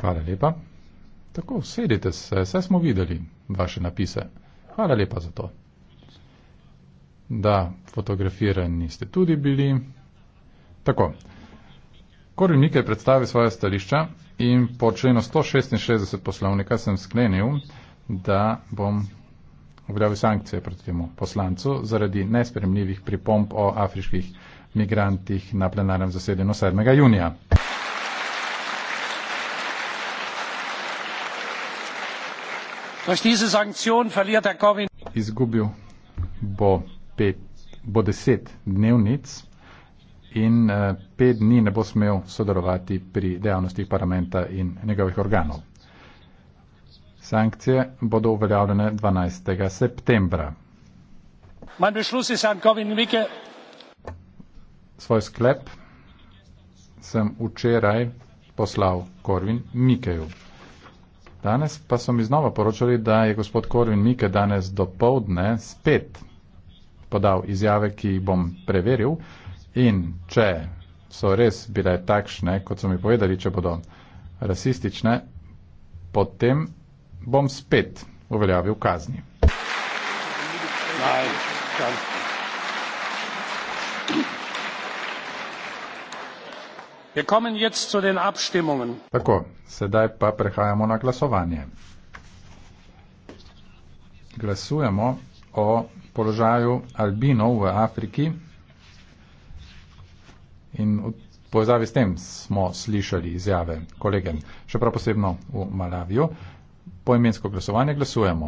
Hvala lepa. Tako, sedite se, vse smo videli vaše napise. Hvala lepa za to. Da, fotografirani ste tudi bili. Tako, Korin Mike predstavi svoje stališča in po členu 166 poslovnika sem sklenil, da bom objavil sankcije proti temu poslancu zaradi nespremljivih pripomp o afriških migrantih na plenarnem zasedenju 7. junija. Izgubil bo, pet, bo deset dnevnic in eh, pet dni ne bo smel sodelovati pri dejavnostih parlamenta in njegovih organov. Sankcije bodo uveljavljene 12. septembra. Svoj sklep sem včeraj poslal Korvin Mikeju. Danes pa so mi znova poročali, da je gospod Korvin Mike danes do povdne spet podal izjave, ki jih bom preveril in če so res bile takšne, kot so mi povedali, če bodo rasistične, potem bom spet uveljavil kazni. Nice. Done. Tako, sedaj pa prehajamo na glasovanje. Glasujemo o položaju albinov v Afriki in v povezavi s tem smo slišali izjave kolege, še prav posebno v Malaviju. Poimensko glasovanje glasujemo.